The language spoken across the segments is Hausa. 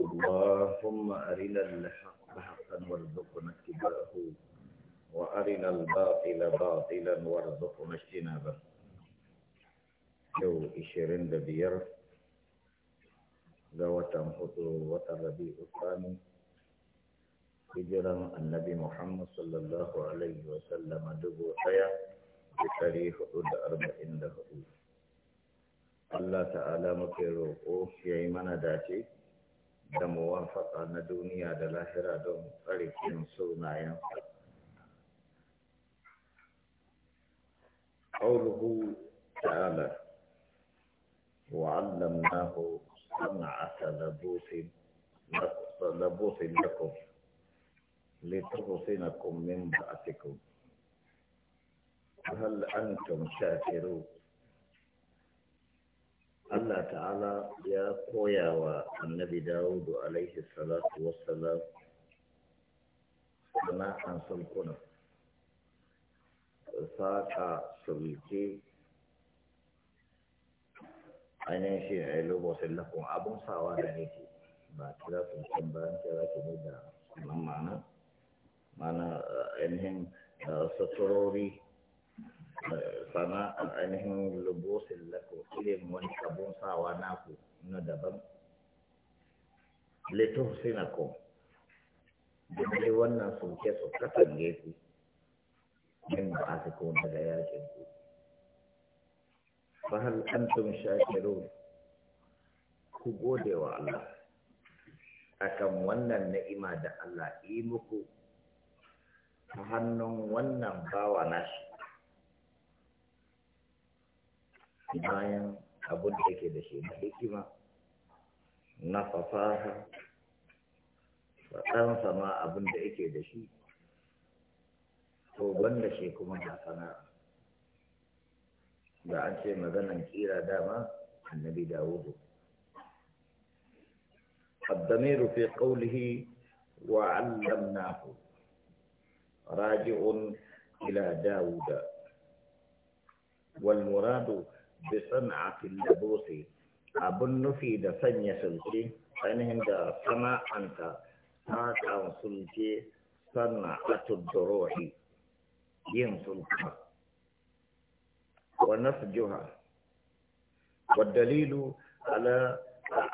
اللهم أرنا الحق حقا وارزقنا اتباعه وأرنا الباطل باطلا وارزقنا اجتنابه جو إشيرين دبير لو تنحطوا وطر بي أسامي هجران النبي محمد صلى الله عليه وسلم دبو حيا بتاريخ أد أربع عنده الله تعالى مكروه في ايمان داتي da muwafaka na duniya da lahira don tsarkin sunayen قوله تعالى وعلمناه صنعة لبوس لبوس لكم لتحصنكم من بعثكم هل أنتم شاكرون Allah ta'ala ya koya wa annabi Dawudu alaihi salatu wassalam sana'an sulkuna saƙa sulke ainihin shi a ilubo sallakun abun sawa da nake ba kira sun can bayan kira ki ne da sunan ma'ana ma'ana ainihin uh, suturori Sana ainihin lubusin lako irin wani abun sawa naku na daban leto sinako dole wannan ke su kasan gefe. min ba a su kuma daga yakin ku fa hal antum shakirun ku gode wa Allah akan wannan naima da Allah yi muku ta hannun wannan bawa nashi bayan abin da ke da shi na hikima na fasaha faɗan sama abin da yake da shi to banda shi kuma na sana'a da an ce maganan kira dama annabi dawudu الضمير في قوله وعلمناه راجع إلى داود والمراد bi sana'atin labusi abun nufi da sanya sulke ainihin da sana'anta ta kan sulke sana'atul duruhi yin sulka wa nasjuha wa dalilu ala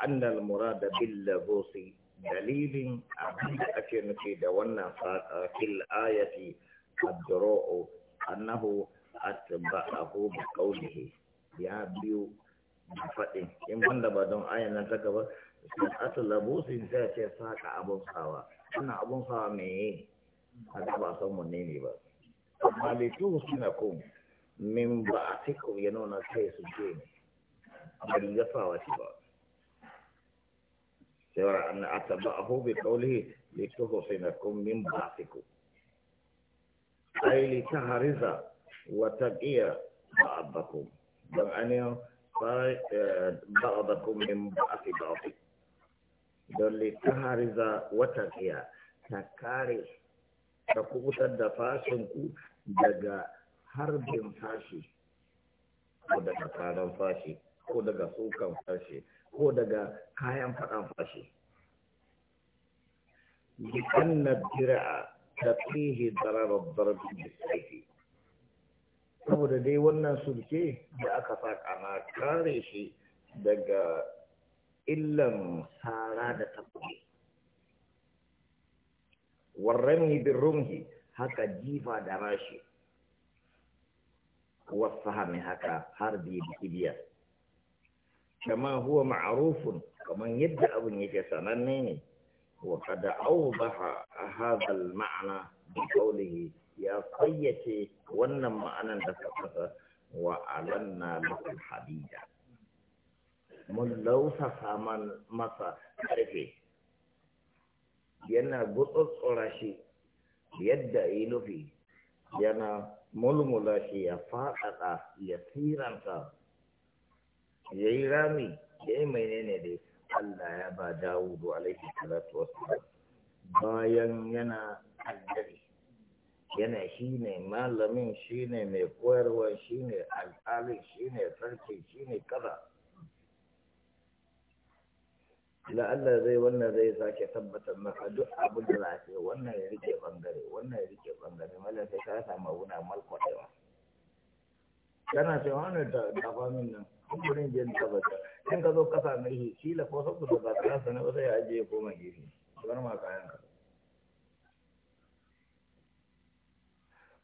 anna al murada bil labusi dalilin abin da ake nufi da wannan fata fil ayati ad-duru'u annahu atba'ahu bi qawlihi ya biyo da faɗi. in wanda ba don ayan nan ta gaba asul labusin sai ce saka abun sawa wannan abun sawa meye a da son san wanne ne ba amma litu suna kun min ba a cikin ya nuna kai su ce ne bari ya fawa shi ba sai wa an ataba ahu bi qawlihi litu suna kun min ba a cikin ai litahariza wa taqiya ba'abakum don ainihin ba'adakum min ba'afi ba'afi don litahariza wata tsiya ta kare ta kubutar da fashinku daga harbin fashi ko daga karan fashi ko daga sukan fashi ko daga kayan faɗan fashi لأن الدرع تقيه ضرر الضرب بالسيف saboda dai wannan sulke da aka faɗa na kare shi daga illan sara da tabbai warrami bin rumhi haka jifa da rashi wasu hami haka har da kibiya kama huwa ma'arufun kamar yadda abin yake sananne ne wa kada au ba a hazal ma'ana da kaulihi ya fayyace wannan ma'anan da fasasa wa alanna lakal hadida mun lausasa masa karfe yana gutsutsura shi yadda yi nufi yana mulmula shi ya faɗaɗa ya siranta ya yi rami ya yi ne dai Allah ya ba Dawudu alaihi salatu wasu bayan yana kaddari yana shi ne malamin shi ne mai koyarwa shi ne alƙali shi ne sarki shi ne kaza la'alla zai wannan zai sake tabbatar maka duk abin da za ce wannan ya rike bangare wannan ya rike bangare mallam sai ka wuna abuna kwaɗewa kana ce wani da dafamin nan kumburin jin tabbata in ka zo ƙasa mai shi shi la ko da ba ka sanar ba sai ya ajiye koma gefe bar ma kayan ka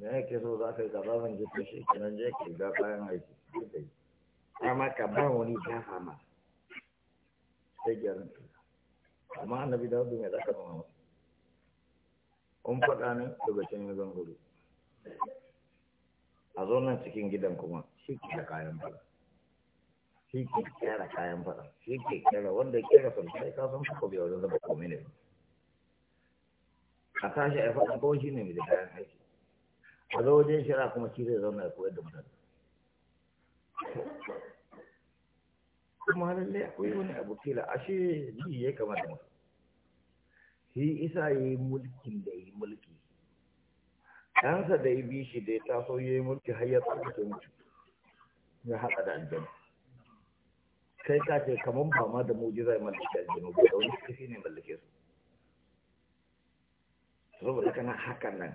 da yake so za ka yi gaba zan gidan ta shi kenan je ke ga kayan aiki amma ka ba wani dafa ma sai gyaran tuka amma annabi dawudu mai zaka ba masa kun faɗa ne daga can ya a zo nan cikin gidan kuma shi ke da kayan fada shi ke da kayan fada shi ke kera wanda ya kera sultai ka san kuka bai wajen zama komai ne a tashi a faɗa kawai shi ne mai da kayan aiki a zo wajen shira kuma shi zai zauna ya koyar da mutane kuma lallai akwai wani abu kila ashe ji ya kamata mu shi isa ya yi mulkin da ya yi mulki ɗansa da ya bi shi da ya taso ya yi mulki har ya tsarkake mutu ya haɗa da aljanu kai ka ce kamar ba ma da mujiza ya mallake aljanu ba da wani kashi ne mallake su saboda kana hakan nan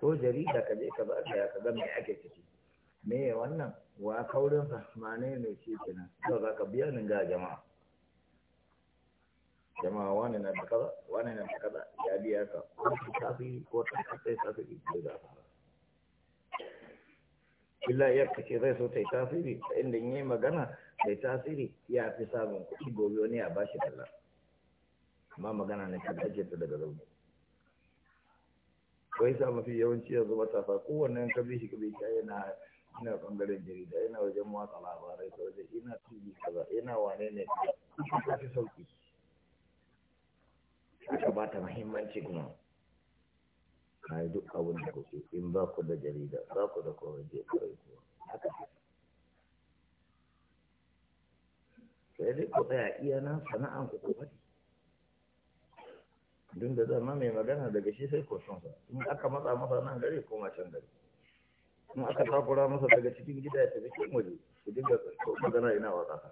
ko jarida ka je ka ba ka ka ga me ake ciki me wannan wa kaurin fahimane ne ci kenan to za ka biya ni ga jama'a jama'a wani na da kaza wani na da kaza ya biya ka ko ta fi ko ta sai ta fi ido da fara illa ya kace zai so ta yi tasiri inda yi magana ta tasiri ya fi samun kuɗi gobe wani a bashi talla amma magana ne ta dace ta daga zaune wai sa mafi yawanci yanzu matasa kowanne ka bi shi ka bi yana ina bangaren jarida ina wajen watsa labarai ta wajen ina tv kaza ina wane ne ka fi sauki aka ba ta muhimmanci kuma ka yi duk abin da ke in ba ku da jarida ba ku da kowa je kawai kuwa haka sai dai ku tsaya iya na sana'an ku ku duk da zama mai magana daga shi sai koshinsa in aka matsa masa nan gare koma can gare in aka takura masa daga cikin gida ya tafi cikin waje su dinga magana ina wasa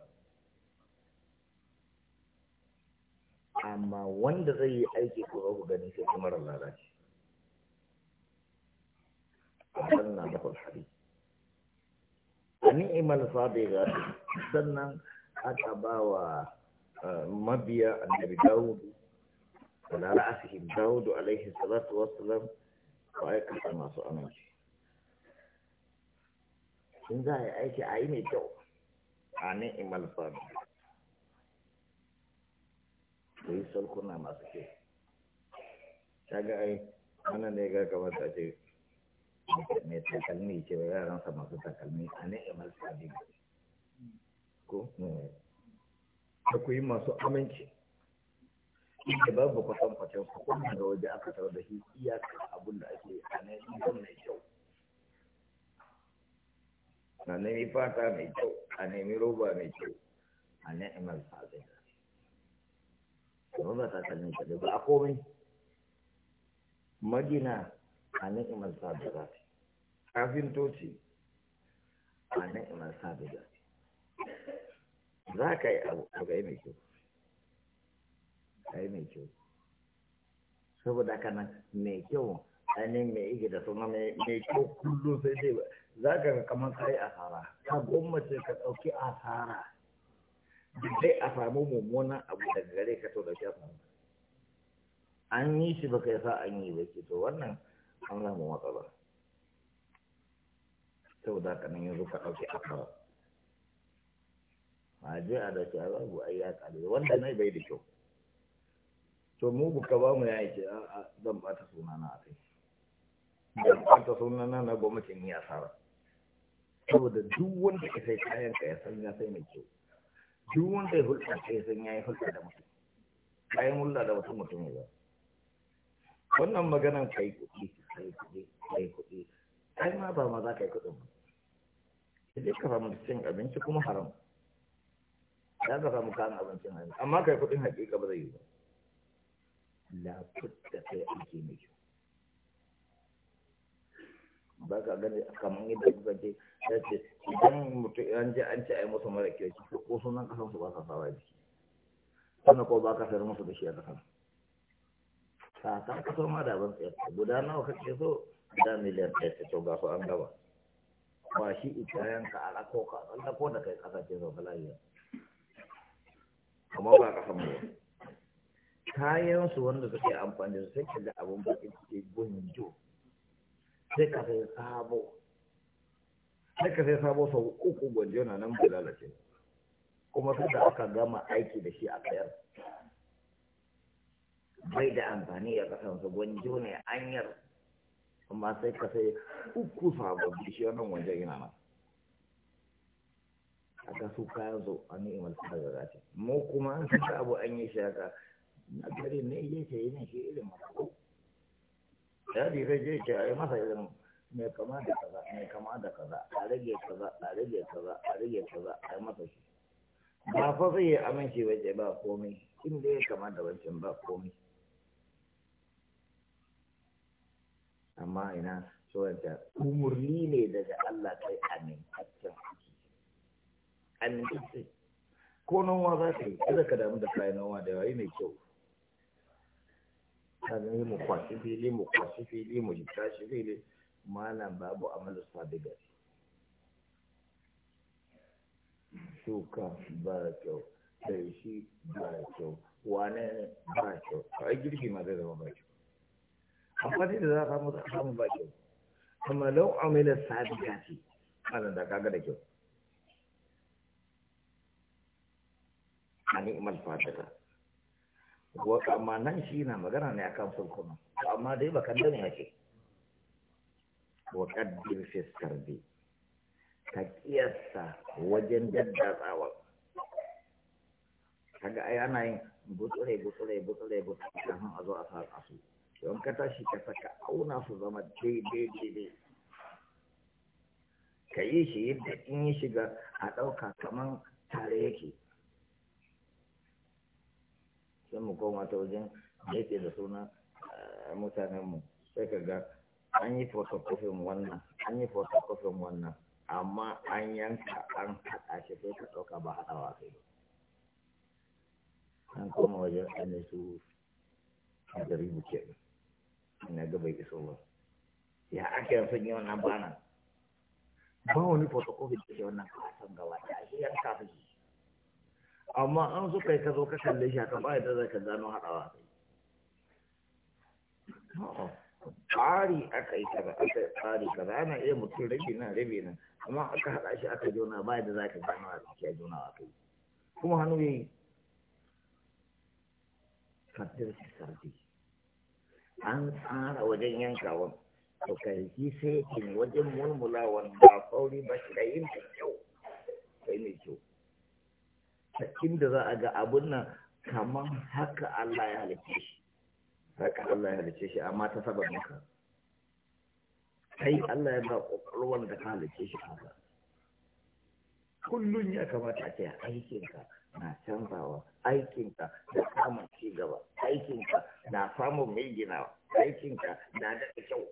amma wanda zai yi aiki ko ku gani sai kuma ran lalace wannan na da kwalhari a imal sabi ga sannan aka ba wa eh, mabiya annabi dawudu على رأسه داود عليه الصلاة والسلام وأيكا ما سؤالك إن ذا أيكي عيني جو عيني إما صادق ويسأل كنا ما سكي شاقا أي أنا نيجا كما تأتي mai takalmi ce wa yaransa masu takalmi a ni'imar sadiq ko ta ku yi masu aminci inda babu kusan kwacin su kuma da waje aka tarar da shi iyakar abin da ake a nan inda mai kyau a nemi fata mai kyau a nemi roba mai kyau a da fadila roba ta kalin kaɗai ba a komai magina a ni'imar su kafin toci a ni'imar fadila za ka yi abu ga yi mai kyau kai mai kyau saboda haka nan mai kyau ainihin mai igi da suna mai kyau kullum sai dai za ka ga kamar ka yi asara ka gwammace ka ɗauki asara sai a samu mummunan abu daga gare ka to da shi an yi shi ba kai sa an yi ba ke to wannan an samu matsala sau da kanan yanzu ka ɗauki asara ma je a da shi a zagu ai ya wanda nai bai da kyau to mu buka ba mu ya yi a zan bata sunana a kai zan bata sunana na gwamnatin ya sara saboda duk wanda ka sai kayan ka ya san ya sai mai kyau duk wanda ya hulɗa ka ya san ya yi hulɗa da mutum kayan hulɗa da wasu mutum ya ba wannan maganan kai kuɗi kai kuɗi kai kuɗi kai ma ba ma za ka yi kuɗin ba sai ka samu cin abinci kuma haram ya ka samu kayan abincin abinci amma kai kuɗin hakika ba zai yi ba labudda sai aiki mai kyau ba ka gani kamar yadda kuka ce ya ce idan mutum an ce an ce a yi musu mara kyau ci ko sunan kasan su ba sa sawa jiki sannan ko ba ka sayar musu da shi a kasan sakan kaso ma da ban tsayar guda nawa kake so da miliyan ɗaya ta to ga su an gaba ba shi ikayen ka a ko ka tsallako da kai kasa ce zo ka lafiya amma ba kasan mu ba Kayansu wanda suke amfani da sai da abun suke ke gunjo sai ka sai sabo sai ka sai sabo sau uku gunjo na nan ba lalace kuma sai da aka gama aiki da shi a kayar bai da amfani ya kasance gunjo ne anyar amma sai ka sai uku da shi wannan wajen yana nan aka su kayan zo a ni'imar ta da zata mu kuma an abu an yi shaka na gari ne ya ce yi shi irin mako ya ji zai je ce a yi masa irin mai kama da kaza mai kama da kaza a rage kaza a rage kaza a rage kaza a yi masa shi ba fa zai yi aminci waje ba komai inda ya kama da wancan ba komai amma ina suwanta umurni ne daga Allah kai amintaccen amintaccen ko noma za ka yi kada ka damu da kayan noma da yawa yi mai kyau mutane mu kwashi fili mu kwashi fili mu tashi fili malam babu amalu sabiga shuka ba kyau sai shi ba kyau wane ba kyau a girki ma zai zama ba kyau amfani da za a samu samu ba kyau amma lau amila sabiga ce malam da kaga da kyau a ni'imar fatiha amma nan shi na magana ne akan sulkuna amma dai ba kan dane ake wa qaddir fi sarbi ka kiyasta wajen daddatsawa kaga ai ana yin butsure butsure butsure butsure kafin a zo a sa don ka tashi ka saka auna su zama daidai daidai ka yi shi yadda in yi shiga a ɗauka kaman tare yake sai mu koma ta wajen da yake da suna eh, mutanenmu sai ka ga an yi fotokofin wannan an yi fotokofin wannan amma an yanka an haɗa shi sai ka ɗauka ba wa kai an koma wajen an su a gari buke na gaba iso ba ya ake sun yi wannan bana ba wani fotokofin da ke wannan kasan gaba ta yi yanka su amma an zo kai ka zo ka kalle shi ka bai da za ka gano haɗawa kai tsari aka yi ba aka ka tsari ka ana iya mutum rabi na rabe na amma aka haɗa shi aka jona bai da za ka gano a cikin jona a kai kuma hannu ya yi kaddar shi sardi an tsara wajen yankawan to kai sai sai wajen mulmulawan ba fauri ba shi da yin kyau sai ne kyau ta inda za a ga abun nan kamar haka Allah ya halicce shi haka Allah ya halicce shi amma ta saba maka kai Allah ya ba da ka halicce shi haka kullun ya kamata a ce aikinka na canzawa aikinka na samun ci gaba aikinka na samun mai ginawa aikinka na da kyau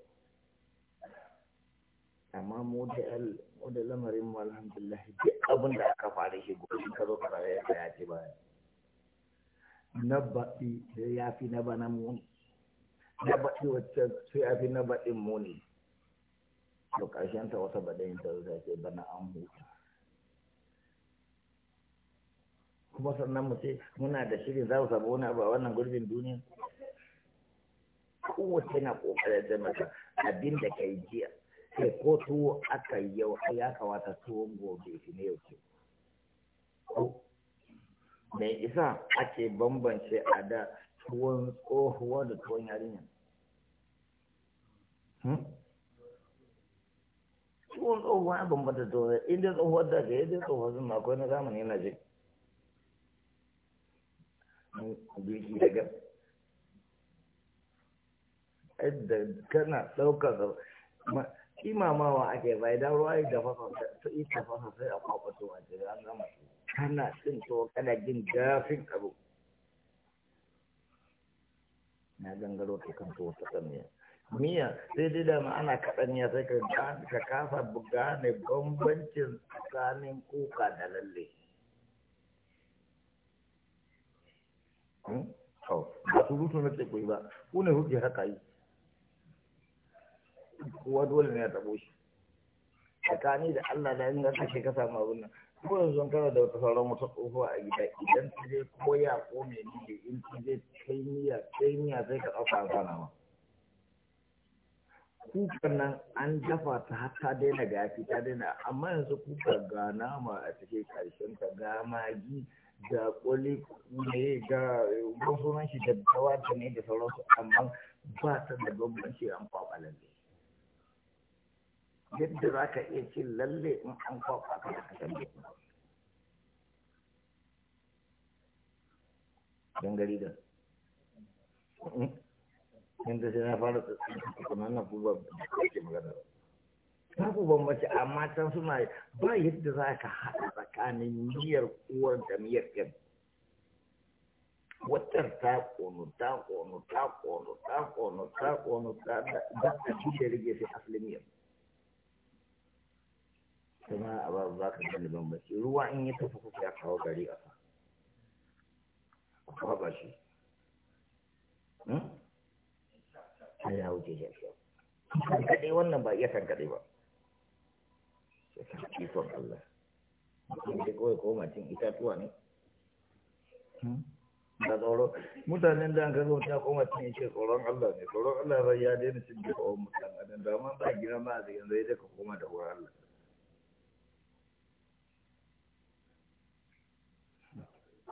amma mu da lamarin mu alhamdulillah duk abin da aka fara shi gobe ka zo ka ya ya ce ba na baɗi ya fi na bana muni na baɗi wacce su ya fi na baɗin muni to ƙarshen ta wata baɗin ta zuwa ce bana an huta kuma sannan mu ce muna da shirin za mu samu wani abu a wannan gurbin duniya kowace na ƙoƙarin da mata abin da ka yi jiya kai ko tuwo aka yi yau ya kawata tuwon gobe shi ne yau ce da isa ake bambance a da tuwon tsohuwa da tuwon yarinya hmm? tuwon tsohuwa ya bambanta tuwon inda tsohuwar da ga yadda tsohuwar zun akwai na zamani yana jin girki daga yadda kana ɗaukar imamawa ake bai dan ruwa ya fasa to ita fasa sai a to a jira an gama kana tsin to kana jin dafin abu na gangaro to kan to ta kan miya sai dai da ana kaɗan ya sai ka ka kasa buga ne bambancin tsakanin kuka da lalle hmm? to ba rutu na ce ba ku ne kuke haka yi kowa dole ne a tabo shi tsakani da Allah da inda kake ka samu abin nan ko yanzu kana da wata sauran wata tsohuwa a gida idan ta je koya ko mai ne in ta je taimiya taimiya sai ka ɗauka a kana ma kukan nan an dafa ta har ta daina gafi ta daina amma yanzu kuka ga nama a cikin karshen ta ga magi da koli ne ga sunan shi da dawa da ne da sauransu amma ba ta da gwamnati an kwakwalan ne yadda za ka iya cin lalle in an kwafa ka da kasan don gari da hmm? yadda sai na fara kuma na kuma ke magana ba ku mace amma can suna ba yadda za ka haɗa tsakanin miyar uwar da miyar ɗin watar ta ƙonu ta ƙonu ta ƙonu ta ƙonu ta ƙonu ta da ta ci da sai asalin miyar kuma a ba za ka gani bambanci ruwa in ya tafi kuka ya kawo gari a kawo ba shi har hmm? ya wuce shi kankaɗe wannan ba iya kankaɗe ba ikon Allah mutum da kawai koma cin itatuwa ne da hmm? tsoro mutanen da an ka zo ta koma cin ce tsoron Allah ne tsoron Allah bai ya daina cin da kawai mutanen da ma ba gina ma a zai yanzu ya daga koma da wurin Allah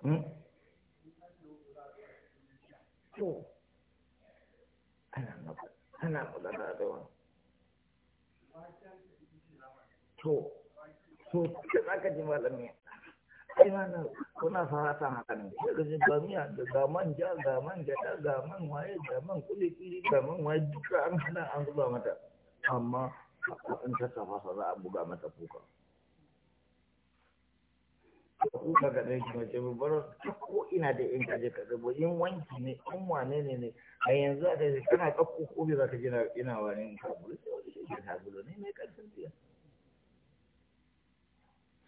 Hmm? to ana maka ana da wani, to to ta zaka ji malami ai mana kuna fata haka ne daga jin ba miya da ga manja ga man gada ga man waye ga man kuli kuli ga man waye duka an hana an zuba mata amma in ta kafa za a buga mata kuka kuka ga mace mai ko ina da in kaje ka zabo in wanki ne in wane ne ne a yanzu a kana ɗauko za ka ina wani in kabulu sai wani shi kabulu ne mai ƙarfin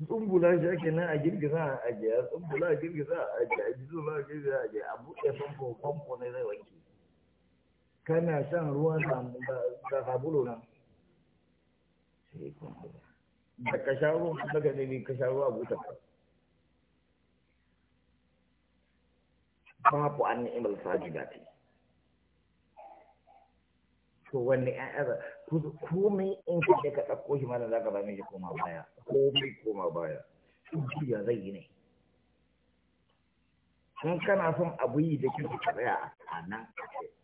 tsumbula shi ake nan a girgiza a tsumbula a girgiza a a girgiza a a buɗe famfo famfo ne zai wanki kana shan ruwan da nan sai kuma da ka sha ruwan ka sha ruwa buta ka babu an ni'imar sajidati to wanne ƴaƴa komai in ka je ka ɗauko shi mana za ka zame shi koma baya komai koma baya ya zai yi ne in kana son abu yi da kika tsaya a nan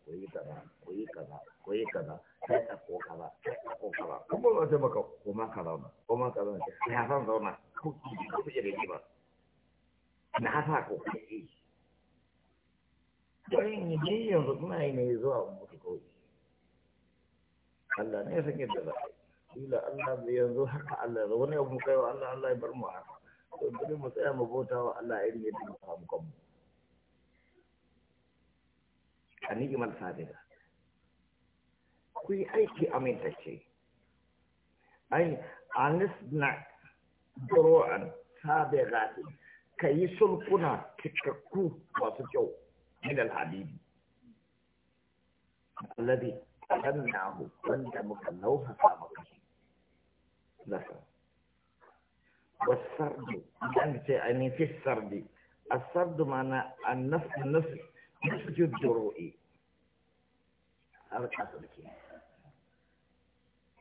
ko yi kaza koyi yi kaza koyi yi kaza sai ɗauko kaza sai ɗauko kaza kuma ba sai maka koma ka zauna koma ka zauna ya san zauna ko ki ba ku je da ba na haka ko kai bayan yi yanzu ina yi ne zuwa mutu kawai Allah ne san yadda za ila Allah bai yanzu haka Allah da wani abu kai wa Allah Allah ya bar mu haka to bari mu tsaya mu bauta wa Allah irin yadda mu samu kanmu a ni'imar sadida ku yi aiki amintacce ai anisna duro'an sabiqatin ka yi sulkuna cikakku masu kyau من العبيد الذي تمنعه وانت مكلوها سابقا مثلا والسرد يعني, يعني في السرد السرد معنى النفس النفس نفس الدروء أركز لك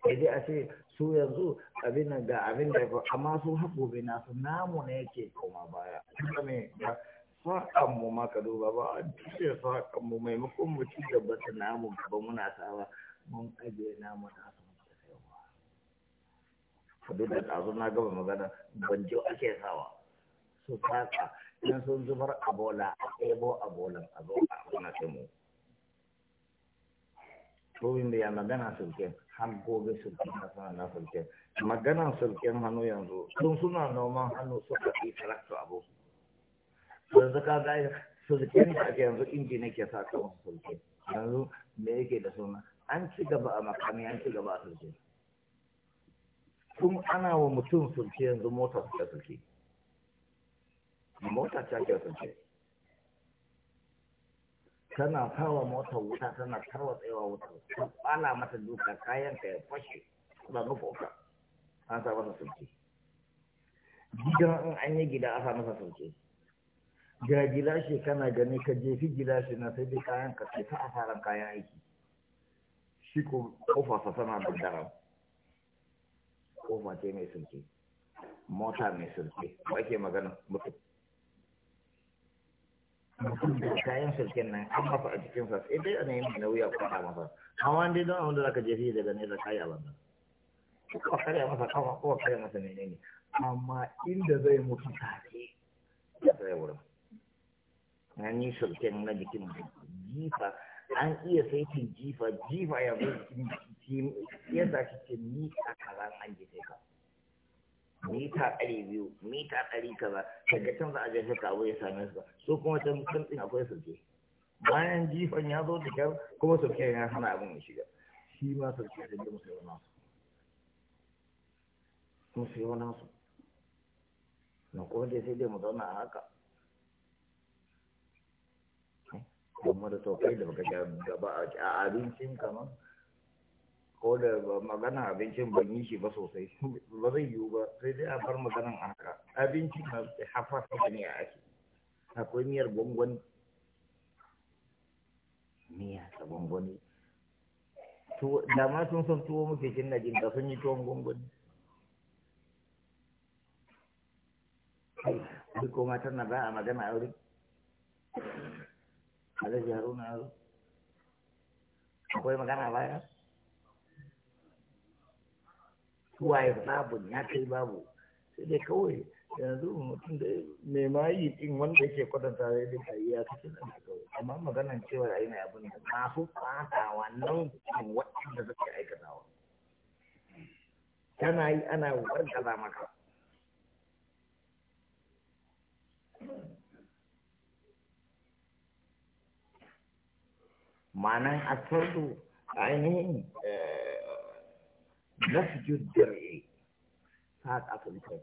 إذا أتي su yanzu أبينا جا أبينا أما amma su haƙo bina su namu ne saƙanmu ma ka duba ba a cire saƙanmu maimakon mu ci gaba da namu gaba muna sawa mun ajiye namu da hasu da saiwa ka duk da ɗazu na gaba magana ban ji ake sawa su saƙa in sun zubar a bola a ɗebo a bolan a zo a wani sai mu Rubin da ya magana sulken har gobe sulken na sana na sulken. Maganan sulken hannu yanzu, sun suna noman hannu suka fi tarakta abu. yanzu ka ga sulke da ake yanzu inji ne ke sa kawon sulke yanzu me yake da suna an ci gaba a makami an ci gaba a sulke tun ana wa mutum sulke yanzu mota ta sulke mota ta ke sulke tana kawo mota wuta tana kawo tsayawa wuta ta bala mata duka kayan ka ya fashe ba nufa uka an sa masa sulke gidan an yi gida a sa masa sulke ga gilashi kana gani ka jefi gilashi na sai dai kayan ka sai ta fara kayan aiki shi ko kofa sa tana da daram kofa ce mai sulke mota mai sulke ba ke magana mutum mutum da kayan sulken nan an kafa a cikin sa sai dai ana yin nauyi a kwana masa amma dai don abin da je jefi daga nesa kayi a nan ko kare masa kafa ko kare masa ne? amma inda zai mutu tare ya tsaye wurin na ni sulken na jikin jifa an iya saitin jifa jifa ya zo jikin ya sa shi ce mita kaza an je sai ka mita ɗari biyu mita ɗari kaza daga can za a je sai ka abu ya same su ba so kuma can kan ɗin akwai sulke bayan jifan ya zo da kyau kuma sulken ya hana abin ya shiga shi ma sulken da ya su musu yana su na kuma dai sai dai mu zauna a haka kuma da tofai da baka gaba a abincin kamar ko da magana abincin ban yi shi ba sosai ba zai yiwu ba sai dai a bar maganan a haka abincin na hafa ta ne a ake akwai miyar gwangwani miya ta gwangwani da ma sun san tuwo muke cin na jinta sun yi tuwon gwangwani kai ko matar na ba a magana aure Ờ, cái nào vậy? Quay alhaji haruna ya zo akwai magana baya waye babu ya kai babu sai dai kawai yanzu mutum da mai mayi cái wanda yake kwatanta zai dai kai ya kace nan kawai amma maganan cewa ai mai abin da masu fata wannan cikin waɗanda suke aikatawa tana yi ana wargaza maka معناه أكلوا عينين آه، نسج الدرع هذا أصل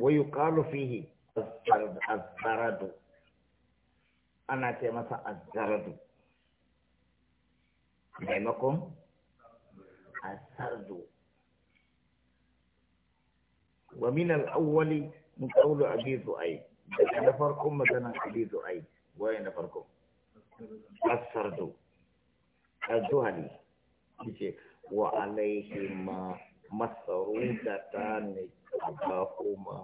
ويقال فيه الزرد الزرد أنا تمسى الزرد نعمكم الزرد ومن الأول من قول أبي ذؤيب نفركم فرقم مثلا أبي ذؤيب وين فرقم asardu az-zuhri yace wa alaihi ma masarudatan abahuma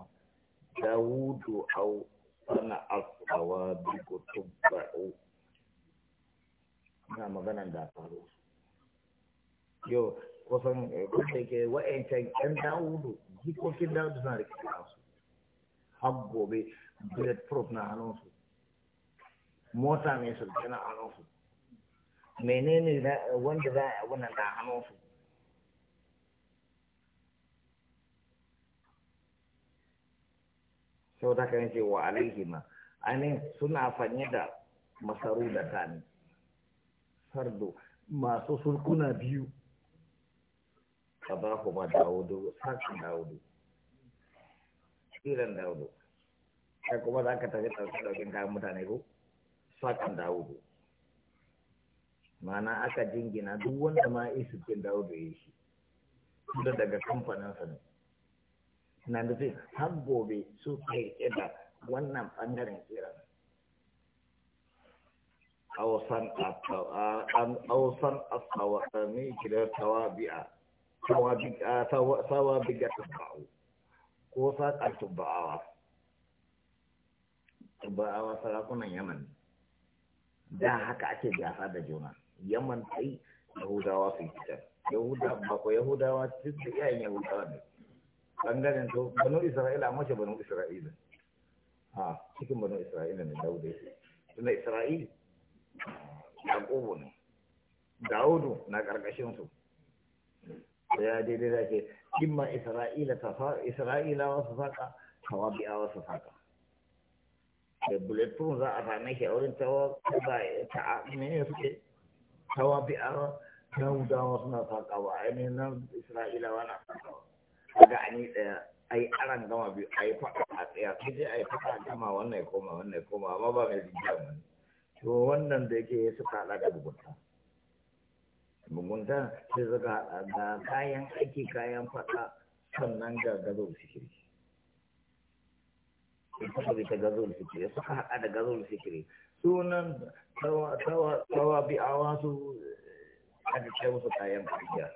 dawudu au sana asawa bi kutubba'u na maganan da faru yo kusan eh, kusa ke wa'ancan ƴan dawudu jikokin dawudu suna rikici a su har gobe bulletproof na hannunsu mota mai sulke na hannunsu menene wanda za a abu na da hannunsu sau ta kan ce wa alaihima ainihin suna fanye da masaru da sani sardo masu surkuna biyu ka ba kuma dawudu sakin dawudu kiran dawudu sai kuma za ka tafi ɗauke daukin kayan mutane ko Isaac dawo Daud. Mana aka jingina duk wanda ma isu dawo Daud ya yi shi. Tunda daga kamfanin sa ne. Na nufin har gobe su kai ƙida wannan ɓangaren kira. Ausan asawa ne kira tawabi'a. Tawabi'a ta ba'u. Ko sa ƙarfi ba'awa. Ba'awa sarakunan Yaman ne. da haka ake gasa da juna yaman tai yahudawa su fitar yahuda ba ko yahudawa duk da iyayen yahudawa ne bangaren to banu isra'ila mace banu isra'ila ha cikin banu isra'ila ne dauda yake tunda isra'ila ah, yaqubu ne dawudu na karkashin su ya daidai da ke kimma isra'ila ta isra'ila wasu faka tawabi'a wasu saka da bulletproof za a same shi a wurin tawa ta ne suke tawa bi'awa yahudawa suna sakawa ainihin nan isra'ilawa na sakawa ga an yi tsaya a yi aran gama biyu a yi faɗa a tsaya sai dai a yi faɗa a gama wannan ya koma wannan ya koma amma ba mai ba ne to wannan da yake suka haɗa da bugunta, bugunta sai suka haɗa da kayan aiki kayan faɗa sannan ga gado su shirki ya saka bi gazul fikiri ya saka haɗa da gazul fikiri sunan tawa bi a wasu kai musu kayan kariya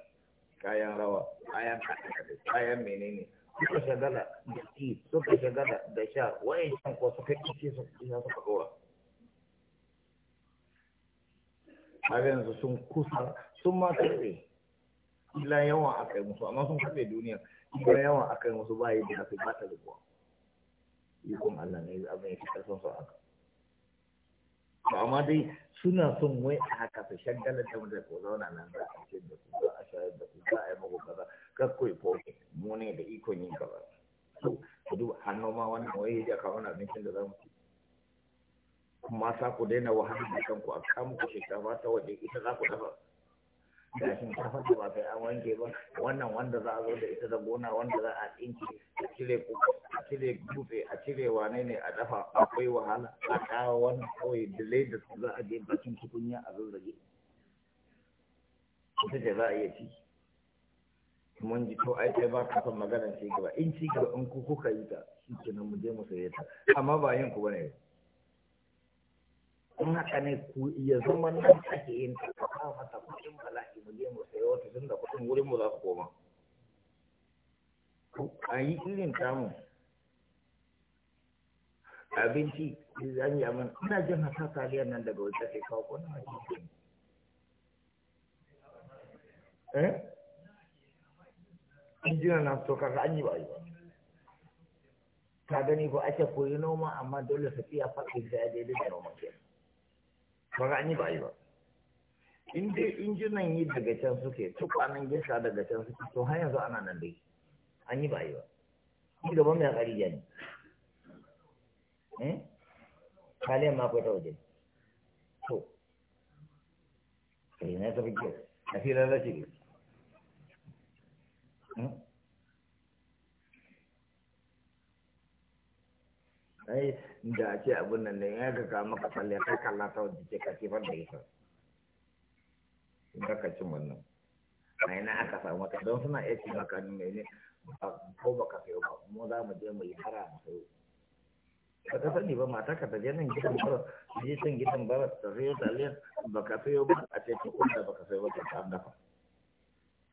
kayan rawa kayan kaɗe kayan menene suka shagala da ci suka shagala da sha wayan shan ko suka kice su ya suka ɗora har yanzu sun kusa sun ma karɓe illa yawan aka musu amma sun karɓe duniya illa yawan aka musu ba yi da ba ta zuwa. ikon Allah ne abin yake karfin su haka to amma dai suna son wai a haka su shagala da mutum ko zauna nan za a ce da ku za a shayar da ku za a yi kaza kar ku yi fokin mu ne da ikon yin kaza to ku duba hannu ma wannan wai ya kawo na abincin da za mu ci kuma sa ku daina wahala da kanku a kamu ku shinkafa ta waje ita za ku dafa kafin kafar da ba sai an wanke ba wannan wanda za a zo da ita da gona wanda za a tsinke a cire a cire dutse a cire wane ne a dafa akwai wahala a kawo wani kawai delay da su za a je bakin tukunya a zazzage ita ce za a iya ci mun ji to ai kai ba ka san maganar ci gaba in ci gaba in ku kuka yi ta shi kenan mu je mu saye ta amma ba yin ku bane in haka ne ku iya zama nan ake yin ta kawo mata kuɗin bala'i mu je mu sayo ta tun da kuɗin wurin mu za su koma a yi irin tamu abinci zan yi amin ina jin hasa taliyar nan daga wajen ake kawo ko na cikin eh injina na to kaga an yi ba yi ba ka gani ko ake koyi noma amma dole su fiya faɗin da ya daidai da noma ke kaga an yi ba yi ba in dai injinan yi daga can suke tukwanen gisa daga can suke to har yanzu ana nan dai an yi ba yi ba ci gaban mai ƙariya ne kaliyan eh? ma kwata waje to kai eh, na tafi kyau a filar da ce ai da ce abun nan ne ya ga kama ka tsalle ka kalla ta waje ce ka kifar da ita baka cin wannan a ina aka samu ta don suna iya cin maka mai ne ko baka sayo ba mu za mu je mu yi fara mu sayo ka sani ba mata ka ta je nan gidan ba ta je can gidan ba ta sayo ba baka sayo ba a ce ta ba baka sayo ba ta an dafa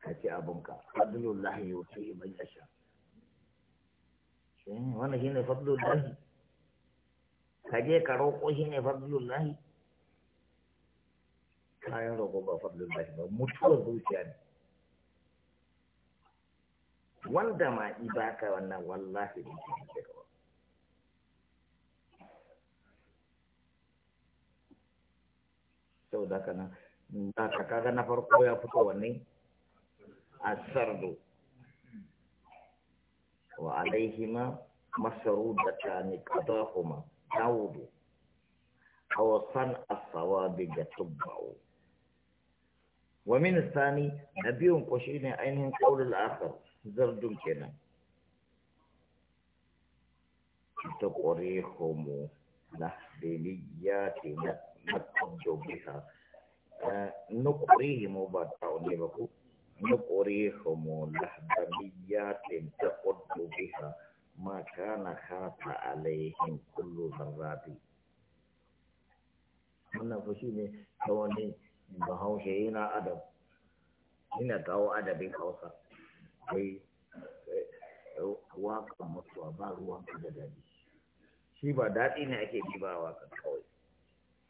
ka ce ka, fadlullahi yuti man yasha eh, wannan shine fadlullahi ka je ka roƙo shine fadlullahi kayan rogo ba fadlun lahi ba mutuwar zuciya ne wanda ma i baka wannan wallahi da ke ke gaba sau da kana da ka kaga na farko ya fito wannan asardu wa alaihima masarudatan qadahuma dawudu aw san asawa sawabi yatubbu ومن الثاني نبي قشين عينهم قول الآخر زرد كنا تقريهم لحدنياتنا نقض بها آه، نقريهم بطعون بكو نقريهم لحدنيات تقض بها ما كان خاف عليهم كل ذرات من fa shine bahaushe yana adab ina kawo adabin hausa kai waka mutuwa ba ruwan da daji. shi ba daɗi ne ake ji ba waka kawai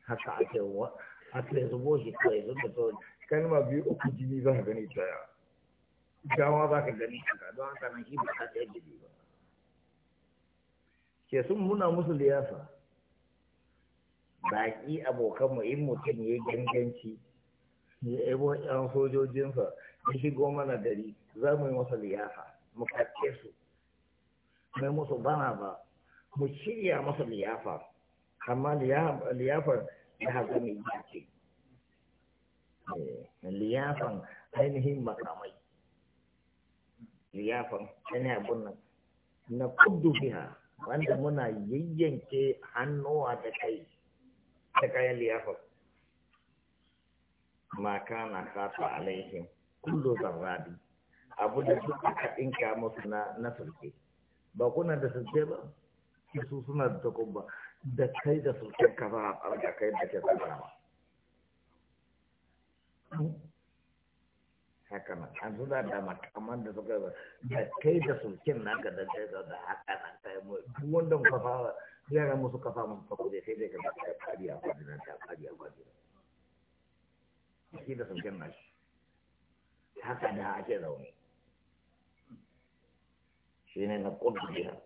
haka ake wa ake zubo shi kawai zuba to kalma biyu uku jini za ka gani tsaya gawa za ka gani haka don haka nan shi ba ta tsaye biyu ba ke sun muna musu liyafa baƙi abokanmu in mutum ya yi ganganci ya ebo yan sojojinsa ya shigo mana gari za mu yi masa liyafa mu karke su mai musu bana ba mu shirya masa liyafa amma liyafar ya haɗa mai ce eh, liyafan ainihin makamai liyafan ainihin abun nan na kudu biya wanda muna yayyanke hannuwa da kai ta kayan liyafar maka na khafa alaihim kullu zarrabi abu da duk aka dinka musu na na sulke ba kuna da sulke ba su suna da takubba da kai da sulke ka ba a da kai da ke tsara haka na an suna da makaman da suka ba da kai da na naka da kai da haka na kai mu duk wanda muka fara yara musu kafa musu fakure sai dai ka ka fadi a da shi da saukin nashi haka da ake zaune shi ne na ƙungiya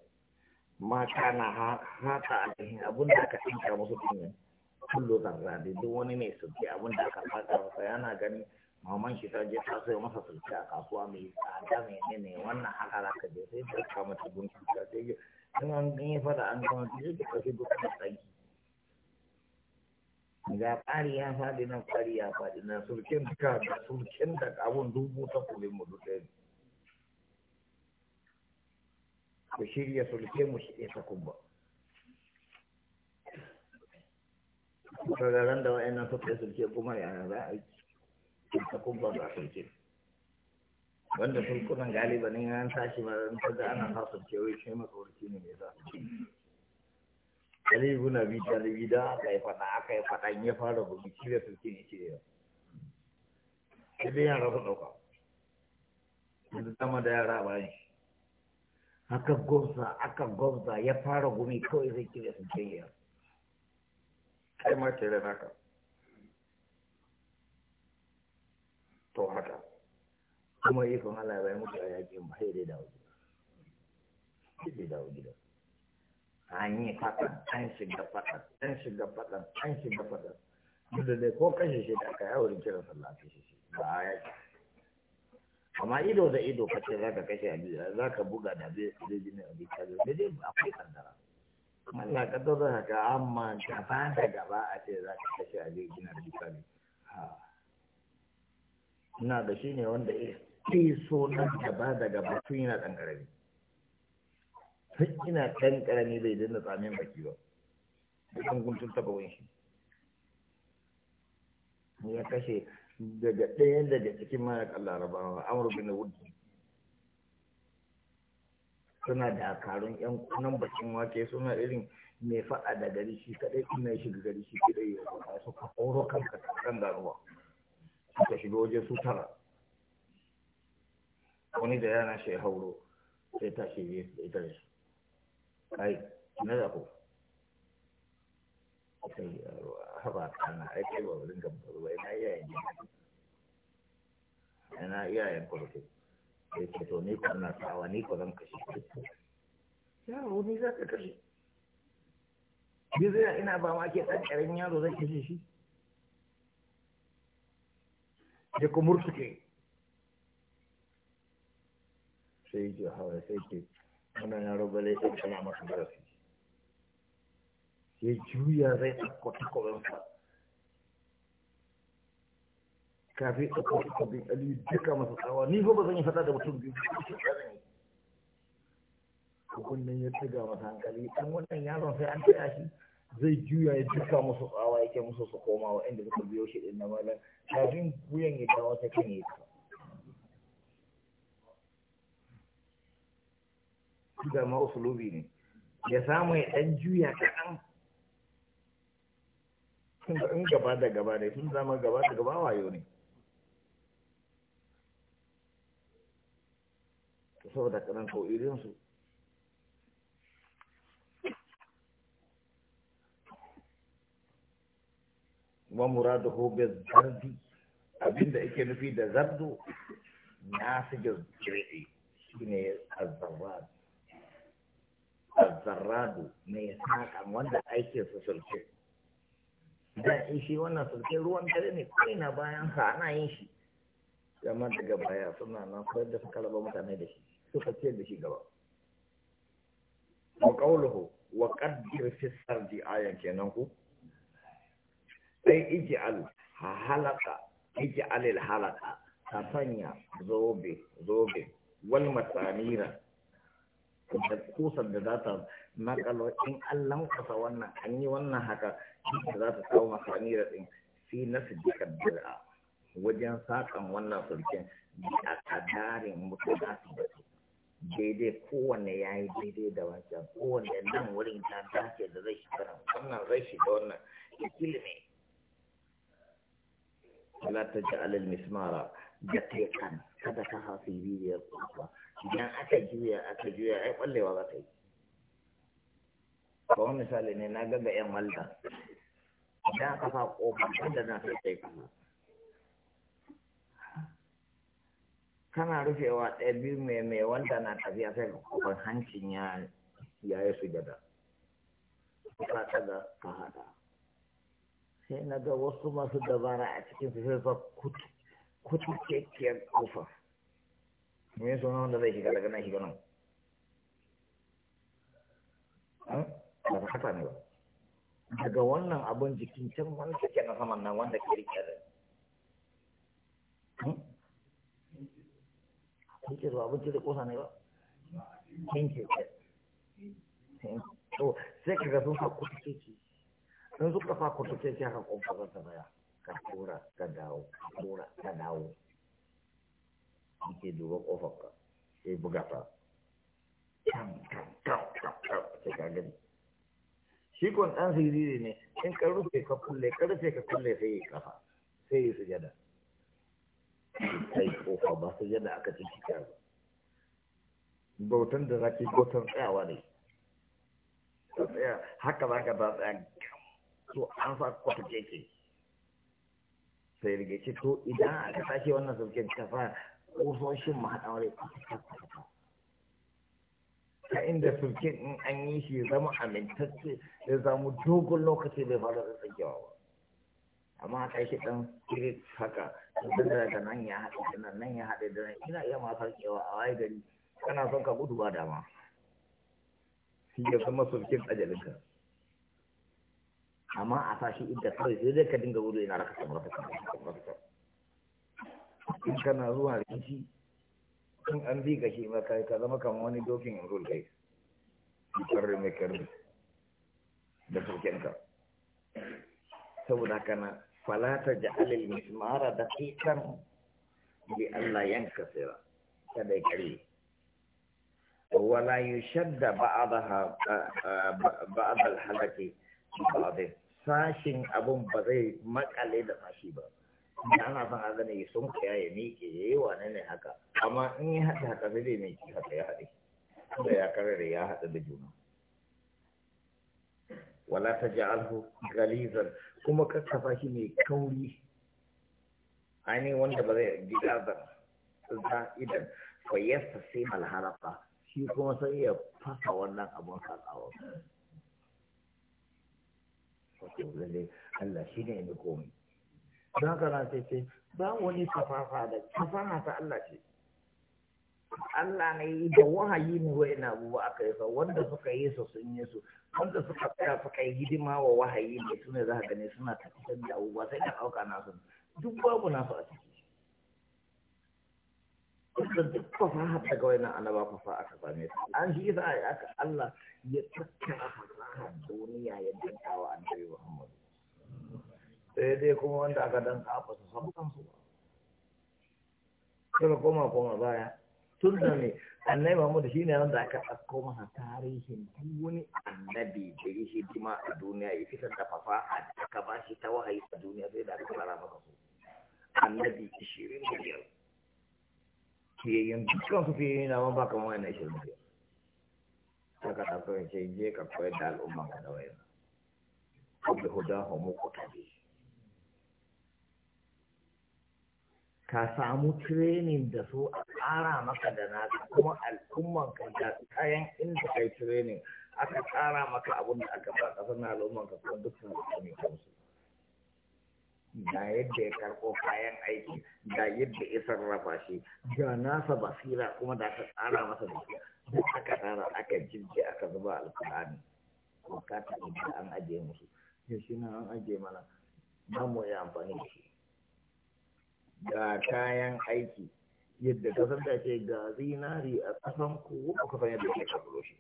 mata na haka alihin abin da aka tsinka musu ɗin kullu zarrabe duk wani mai sulke abin da aka fata masa yana ganin maman shi ta je ta sai masa sulke a kasuwa mai tsada mai ne wannan haka za ka je sai ta kama ta gunki ta sai in an yi fada an gama ta da ta kashe dukkan tsanki ga ƙari ya faɗi nan ƙari ya faɗi nan surkin ka da surkin da abun dubu ta kulin mu duk ɗaya ku shirya sulke mu shi ta kubba sauraron da wa'annan suka yi sulke kuma yana za a yi ta kubba ba sulke wanda sulkunan galibanin an tashi ba ta da ana sa sulke wai kai matsawarki ne mai za su ci. Ali bi Abi da aka yi fada aka yi ya fara bugi shi da Sai dai yara su Yanzu sama da yara ba ne. Aka kawai zai kira Kai ma ce Kuma ikon mutu a yakin ba sai dai dawo gida. Sai dai an yi faɗan an shiga faɗan an shiga faɗan an shiga faɗan duk da dai ko kashe shi da aka yawon kiran sallah kashe shi ba a yaki amma ido da ido kace za ka kashe abi za ka buga da abi zai jini abi kaje sai dai akwai kaddara ina ka dauka ka amma gaba da gaba a ce za ka kashe abi jini abi kaje ina da shi ne wanda ya so na gaba da gaba tun yana ɗan ƙarami sai ina ɗan ƙarami bai danna tsamin baki ba dukkan guntun taɓa wani shi ya kashe daga ɗayan daga cikin mayakan larabawa amurka bin wudu suna da karun yan kunan bakin wake suna irin mai faɗa da gari shi kaɗai shi da gari shi kaɗai ya faɗa su ka horo kanka kan garuwa suka shiga waje su tara wani da yana shi hauro sai shi ne da ita shi. ai na zaɓo kai haba kana ai kai ba wurin gambar wai na iyayen gida na iyayen kwalfe ya ce to ni ko sawa ni ko zan kashe yaro ni za ka kashe yanzu ina ba ma ke ɗan ƙarin yaro zan kashe shi ya kumurtuke sai ya hawa sai ke wannan yaro ba zai ya juya zai ɗauko takobinsa kafin ɗauko takobin aliyu duka tsawa ni ko ba zan yi fata da mutum biyu hukunnan ya tsiga masa hankali ɗan wannan yaron sai an shi zai juya ya duka musu tsawa yake musu su koma wa inda suka biyo shi ɗin na kafin wuyan ya dawo ta kan da ma usulubi ne ya samu ya ɗan juya kaɗan in gaba da gaba ne sun zama gaba da gaba wayo ne saboda kaɗan ko irinsu wa muradu ko bi zardi abinda yake nufi da zardo na zardu nasu jirgi shine azzarrat azzarradu mai saƙan wanda aikin su sulke da shi wannan sulke ruwan dare ne ko na bayan sa ana yin shi gama daga baya suna nan kawai da suka raba mutane da shi suka ce da shi gaba wa kauluhu wa qaddir fi sardi ayan kenan ku sai ij'al halaka ij'al al halaka ta sanya zobe zobe wal masamira da kusar da za ta makalo in Allah kasa wannan an yi wannan haka da za ta kawo masanira din fi nasu jikar dir'a wajen sakan wannan sulkin a kadarin mutu za su da su daidai kowanne ya yi daidai da wancan kowanne nan wurin ta dace da zai shiga nan wannan zai shiga wannan ilimi la ta ji alal mismara da kai kan kada ka hafi bibiyar kusa idan aka juya aka juya ai kwallewa za ta yi kawai misali ne na gaga yan walda idan aka sa kofa na sai sai kuma kana rufewa ɗaya biyu mai mai wanda na tafiya sai kofar hancin ya ya yi sujada ka tsaga ka hada sai na ga wasu masu dabara a cikin su sai kutu kutu kekiyar kofar me suna wanda zai shiga daga nan shiga nan ba haka ne ba daga wannan abun jikin can wani take na nan wanda ke rike da Kinke ba abinci da kosa ne ba? Kinke To, sai ka ga sun fa kurkeke. Sun suka fa kurkeke haka kofar ta baya. Ka tura, ka dawo, ka tura, ka dawo. ke duba kofar ka sai buga ta sai ka gani shi kun dan siriri ne in ka rufe ka kulle ka rufe ka kulle sai yi kafa sai yi sujada kai kofa ba sujada aka ci kika ba bautan da zaki bautan tsayawa ne ka haka za ka ta tsaya to an sa kwata keke sai rige ce to idan aka sake wannan sauke ka fara ƙusoshin mu haɗa wani ta inda sulkin in an yi shi ya zama amintacce ya zamu dogon lokaci bai fara da tsakewa ba amma a shi ɗan kiri haka da daga nan ya haɗe da nan nan ya haɗe da nan ina iya masu a waye gari kana son ka gudu ba dama shi ya zama sulkin ajalinka amma a sashi inda kawai sai dai ka dinga gudu ina raka kamar raka kamar raka in kana zuwa rikici in an bi ka shi maka ka zama kamar wani dokin rule kai karri mai karri da sauƙinka saboda kana falata ja'alil mismara da fitan bi Allah yanka sira kada ya karye. wala yushadda ba'daha ba'd al-halaki ba'd sashin abun ba zai makale da sashi ba da ana son a zane sun kaya ya miƙe ya yi wane ne haka amma in ya haɗe haka sai dai mai haka ya haɗe da ya karare ya haɗa da juna wala ta ji alhu galizan kuma kakkafa shi mai kauri ainihin wanda ba zai gida ba za idan fayyasta sai malharafa shi kuma sai ya fasa wannan abun sakawa wato lalle Allah shi ne mai komai don haka na ce ba wani safafa da safafa ta Allah ce Allah ne yi da wahayi ne wa ina abubuwa aka yi wanda suka yi su sun yi su wanda suka tsaya suka yi hidima wa wahayi ne su ne za ka gani suna tafiyar da abubuwa sai ka ɗauka nasu duk babu nasu a ciki Wanda duk fasaha ta ga wani annaba fasaha aka same su an shi za a yi aka Allah ya tattara fasaha duniya ya wa annabi Muhammadu sai dai kuma wanda aka danka ba su samu kansu ba kuma koma koma baya tun da ne annai mahmud shi ne wanda aka ɗauko masa tarihin duk wani annabi da yi hidima a duniya ya fitar da fasaha a aka ba shi ta wahayi a duniya sai da aka fara masa su annabi ishirin da biyar fiyayyen dukkan su fiyayyen na man baka wani na ishirin da biyar ta saka ɗauko ya ce je ka koyar da al'umma ka da wayan abu da hudahu mu kuta biyu ka samu training da su a tsara maka da naka kuma al'umman ka da kayan inda kai training aka tsara maka abin da aka ba ka sanar al'umman ka kuma dukkan su ne kansu ga yadda ya karɓo kayan aiki ga yadda ya sarrafa shi ga nasa basira kuma da aka tsara masa da shi da aka tsara aka jirje aka zuba alƙur'ani ko ka ta an ajiye musu yaushe na an ajiye mana ba mu yi amfani da shi Da kayan aiki yadda ka san ce ga zinari a kasan ku ko ka san yadda ke kabulo shi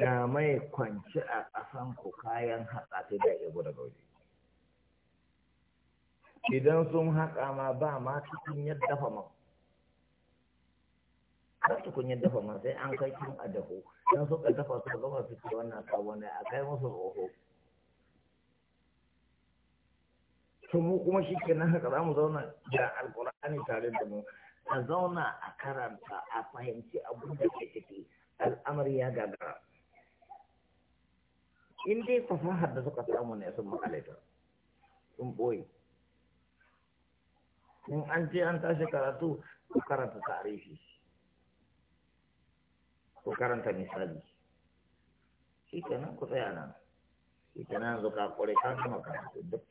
ga mai kwanci a kasan ku kayan haɗa sai da ya daga waje idan sun haƙa ma ba ma cikin yadda fa Ta tukunyar dafa ma sai an kai kin a dafo dan suka dafa su ba su wannan sabon ne a kai musu roho to mu kuma shi ke nan haka za mu zauna da alkur'ani tare da mu a zauna a karanta a fahimci abin da ke ciki al'amari ya gagara in dai fasahar da suka samu ne sun makalaita sun boye in an ce an tashi karatu ku karanta tarihi ku karanta misali shi kenan ku tsaya nan shi kenan zuka kure ka gama karatu duk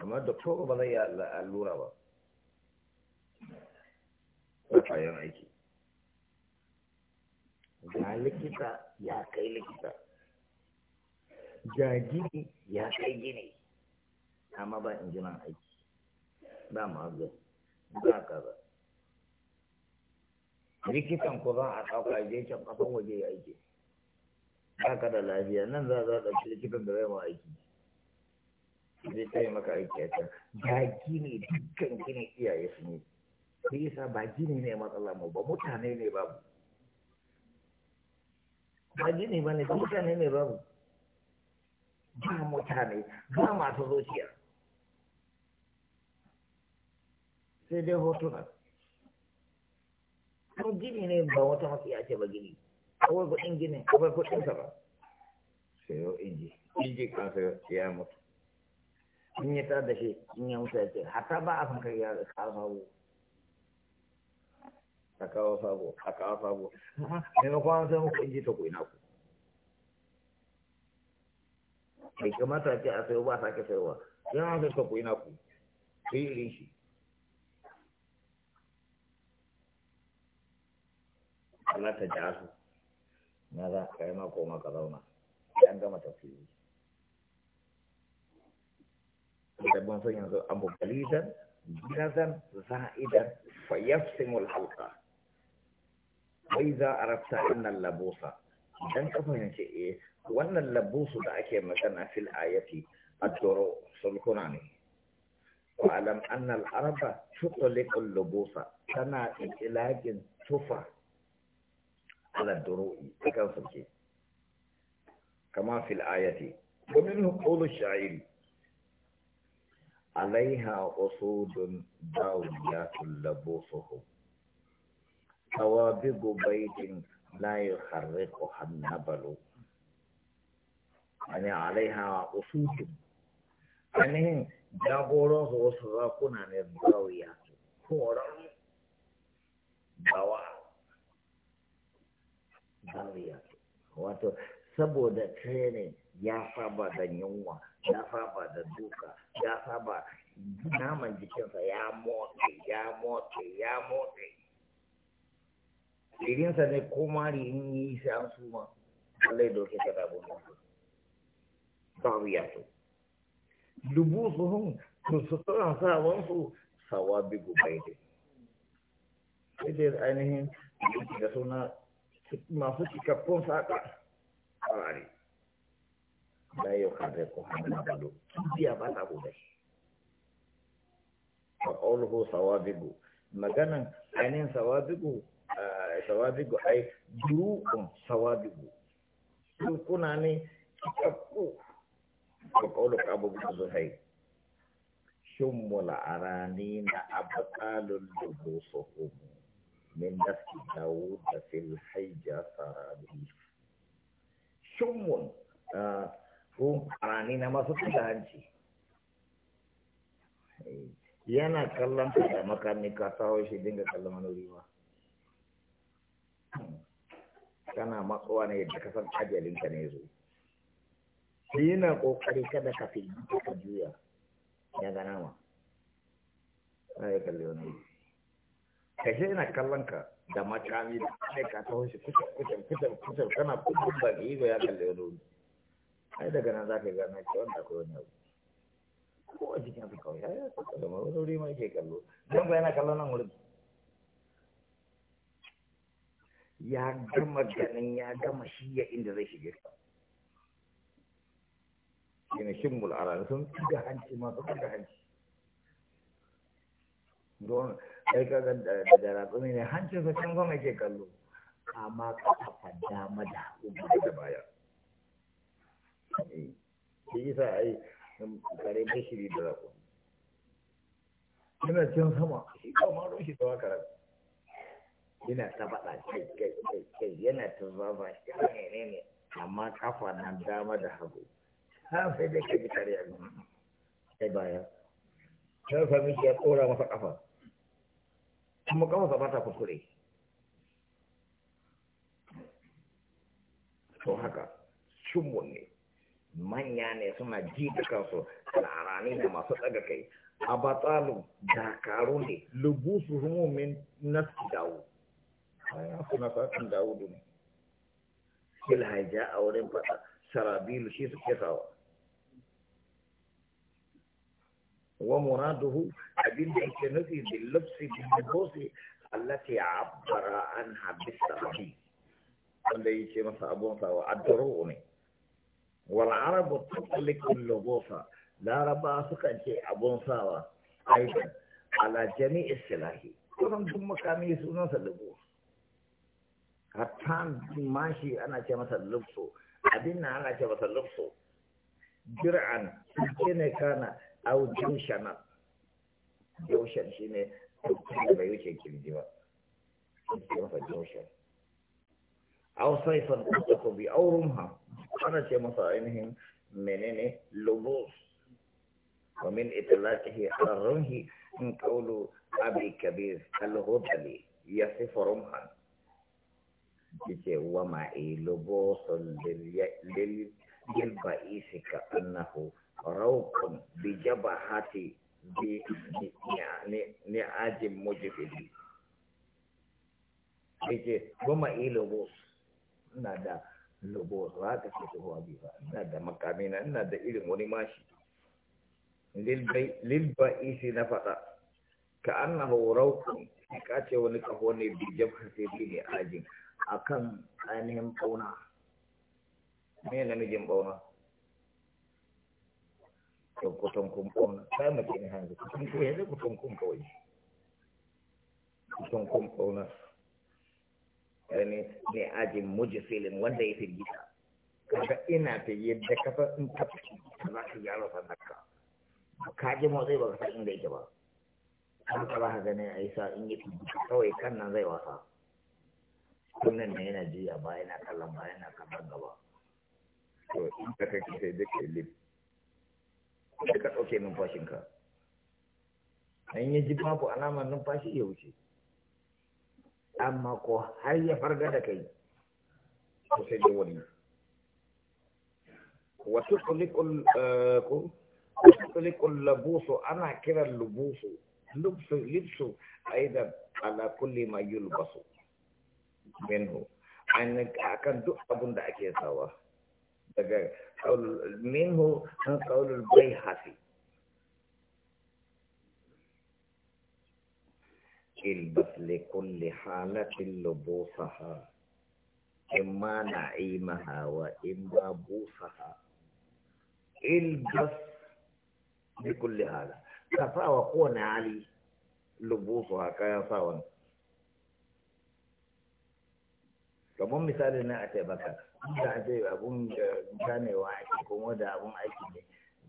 amma doktor ba zai yi allura ba ba kayan aiki ga likita ya kai likita ga gini ya kai gini amma ba injinan aiki ba magani ba kaza likitan ku za a ɗauka je can kafan waje ya aiki ba ka da lafiya nan za a ɗauki likitan da zai ma aiki zai tsaye maka aiki a can ga gini dukkan gini iyaye su ne sai yasa ba gini ne matsala mu ba mutane ne babu ba gini ba ne mutane ne babu ba mutane ba masu zuciya sai dai hotuna kan gini ne ba wata matsiya ce ba gini kawai kudin gini kawai kudin sa ba sai yau inji inji kansa ya mutu in yi tar da shi in yi mutu ya ce hata ba a kan kai da kawo sabo a kawo sabo a kawo sabo maimakon an sai muku inji ta ku ina ku bai kamata ce a sayo ba a sake sayowa sai an sai ta ku ina ku sai irin shi Allah ta jasu na za ka yi mako maka zauna ya gama tafiye إذا بنص ينظر أبو قليلا جنزا زائدا فيفسم الحلقة وإذا أردت أن اللبوس إذا كفهن شيء وأن اللبوس دعك مثلا في الآية الدروع سلكناني وأعلم أن العرب تطلق اللبوس كما إطلاق تفا على الدروع كما في الآية ومنه قول الشاعر alaiha usudun dawiyatul labusuhu tawabigu baitin la yuharriqu hannabalu ani alaiha usudun ani jagoro usuga kuna ne dawiya koran dawa dawiya wato saboda kai ya saba da yunwa ya saba da duka ya saba naman jikinsa ya motsi ya motsi ya motsi jirinsa ne ko mari in yi sai an suma lallai doke ta da abu ba wuya to dubu su hun su sutura sawansu sawa bigu bai dai sai dai ainihin da suna masu cikakkun saƙa a na la yuharriku hamla balu kibiya ba ta bude fa qawluhu sawabigu maganan ainin sawabigu sawabigu ai duru'un sawabigu kuna ne cikakku fa qawluka abu bin zuhair shummul arani na abtalul lubusuhum min nafsi dawud fil hijja sarabi shummul ko rani na masu hanci yana kallon ka da makami ka tawo shi dinga kallon manori ba kana matsuwa ne da kasan ajalinka ne zo shi yana kokari kada ka fi ka juya ya ga nama ya kalli wani ka shi yana kallon ka da makami da aika ta shi kusur kusur kusur kusa kana kusa ba ya kalli wani ai daga nan za ka gane ce wanda akwai wani abu ko a jikin su kawai ya yi da mai wani wuri mai kallo don ba yana kallon nan wurin ya gama ganin ya gama shi ya inda zai shige ka shi ne shin mul'ara sun ga hanci masu tuga hanci don sai ka ga da ratsuni ne hancin sa can gama ke kallo amma ka kafa dama da hagu da baya Eh, shi isa a yi kare bashiri da rako yana cin sama shi kama don shi tawa karar yana ta faɗa kai kai kai yana ta zaba shi ne ne ne amma kafa na dama da hagu ha sai dai kai kare a kai baya ta sami shi ya tsora masa kafa kuma kafa ba ta kuskure to haka shumbon ne manya ne suna ji da kansu larani ne masu daga kai a batsalu dakaru ne lubusu min nasu dawo ayan suna dawo dawudu ne ilhaja a wurin fata sarabilu shi suke sawa wa muraduhu abin da yake nufi bil lafsi bil nubusi allati abara an habis sarabi wanda yake masa abuwan sawa addaru ne wal arabu tatlikul lubusa laraba suka ce abun sawa aidan ala jami silahi kusan duk makami sunansa lubu hatta mashi ana ce masa lubso abin nan ana ce masa lubso jir'an shi ne kana au jimshana jimshan shi ne bai wuce kirji ba shi masa jimshan au saifan kuka bi au rumha ana ce masa ainihin menene lobos domin itilatihi ala rumhi in kaulu abi kabir al-hudali ya fi farumhan yace wa ma lobos lil lil ba isi ka annahu rawqun bi jabahati bi ni ajim mujfidi yace wa ma e lobos nada lobo za ka ce tuhuwa biyu ina da makamina ina da irin wani mashi lilba isi na faɗa ka an na horauku ka ce wani kaho ne bijab hasiri ne ajin a kan ainihin ɓauna me namijin ɓauna to kutunkun ɓauna sai mace ne hanzu kutunkun yanzu kutunkun kawai kutunkun ɓauna yani ne ajin filin wanda ya firgita kaga ina ta yadda kafa in ta firgita za ka gyara sannaka ka ji motsi ba ka san inda yake ba kan ka ba ka ganin a isa in yi firgita kawai kan nan zai wasa kunnan ne yana jiya ba yana kallon ba yana kallon gaba to in ka kai sai da ke lip da ka ɗauke numfashinka an yi ji babu alamar numfashi ya wuce amma ko har ya farga da kai to sai da wani wa tuqliqul ko tuqliqul labusu ana kira lubusu lubsu libsu aidan ala kulli ma yulbasu minhu an akan duk abun da ake sawa daga minhu an qaulul bayhasi ilbas li kulli halatin lubusaha imma na'imaha wa imma busaha ilbas li kulli hala ka sa wa kowane hali lubusaha ka ya sa wani kamar misali na a taimaka inda a abun ganewa ake kuma da abun aiki ne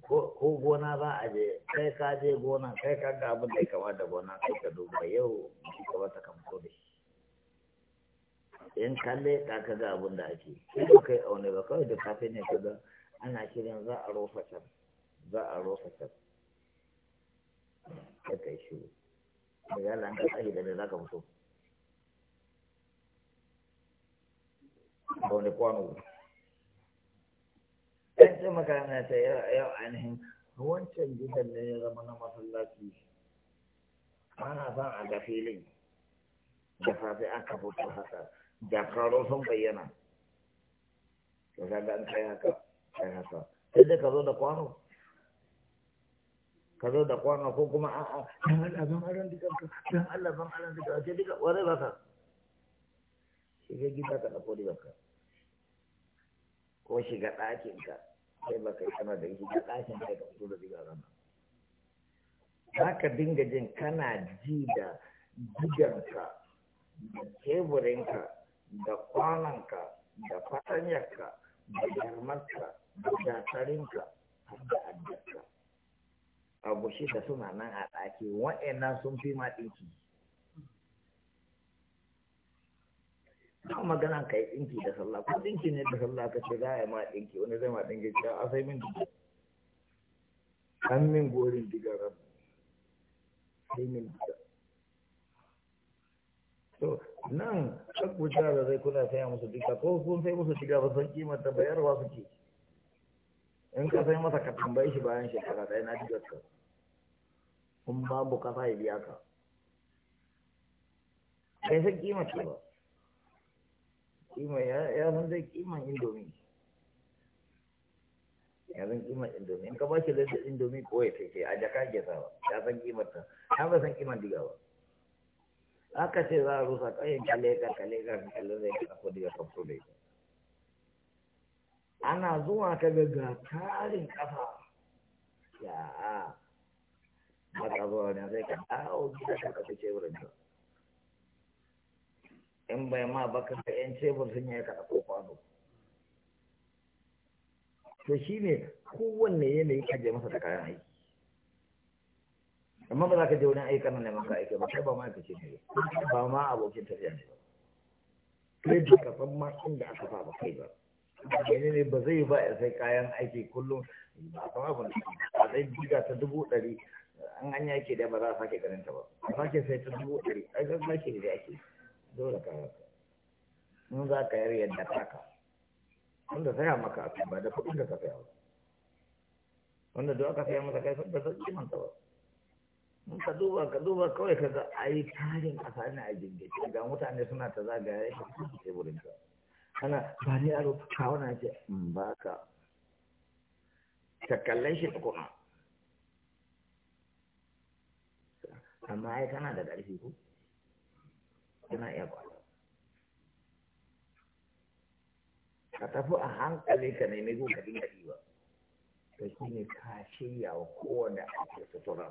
ko gona za a je kai ka je gona kai ka ga abin da ya kama da gona kai ka duba yau shi ka wata ko da shi in kalle ka ka ga abin da ake sai ba kai aune ba kawai da safe ne ka ga ana shirin za a rofa can za a rofa can ka kai shi da ya an tsaye da za ka fito ba wani kwano je magana ta yau ainihin wancan gidan ne ya zama na masallaci ana son a ga filin da safe aka fito haka da karo sun bayyana da kaga an kai haka kai haka sai dai ka zo da kwano ka zo da kwano ko kuma a'a dan Allah zan aran duka dan Allah zan aran duka sai duka wani ba ka shiga gida ka da kodi ba ka ko shiga ɗakin ka sai ba kai da shi ɗakin kai ka fito za ka dinga jin kana ji da diganka da teburinka da kwananka da fatanyarka da garmarka da datarinka har da addarka abu da suna nan a ɗaki wa'annan sun fi ma ɗinki ba magana ka yi ɗinki da sallah ko ɗinki ne da sallah ka ce za a yi ma ɗinki wani zai ma ɗinki ta a sai min diga an min gorin diga ran sai min diga to nan kan kuta da zai kula saya musu diga ko kun sai musu diga ba san kimar ta bayarwa suke in ka sai masa ka tambaye shi bayan shekara ɗaya na digar ka kun babu kasa ya biya ka kai san kimar ta ba kima ya san dai kima indomi ya zan kima indomi in ka ba shi lantar indomi ko ya ce a jaka ke sawa ya san kimar ta ya ba san kima diga ba aka ce za a rusa kayan kalle ka kale ka kale zai ka ko diga ka da dai ana zuwa ka ga ga tarin kafa ya a ba ka zuwa ne sai ka dawo gida ka kafa ce wurin ka in bai ma baka da yan cebur sun yi kada kofa kwano to shi ne kowanne yanayi ka je masa da kayan aiki amma ba za ka je wani aiki nan neman ka aiki ba kai ba ma aikace ce ne ba ma abokin tafiya ne kai da ka san ma inda aka fa ba kai ba yanayi ne ba zai ba ya sai kayan aiki kullum ba kama ba a sai diga ta dubu ɗari an hanya yake da ba za a sake ganin ta ba a sake sai ta dubu ɗari a ga sake da ake dole ka haka in za ka yar yadda taka wanda saya maka a ba da kuɗin da ka saya ba wanda duk aka saya masa kai sun da sauƙi manta ba in ka duba ka duba kawai ka ga a yi tarin a ne a jirgin ga mutane suna ta zagaye shi kuma ke wurin ka ana ba ni a rufe na ce in ba ka ka kallon shi kuma amma ai kana da ƙarfi ko yana iya ba ka tafi a hankali ka nemi ko ka dinga ɗiba to shi ne ka shirya wa kowane ake sutura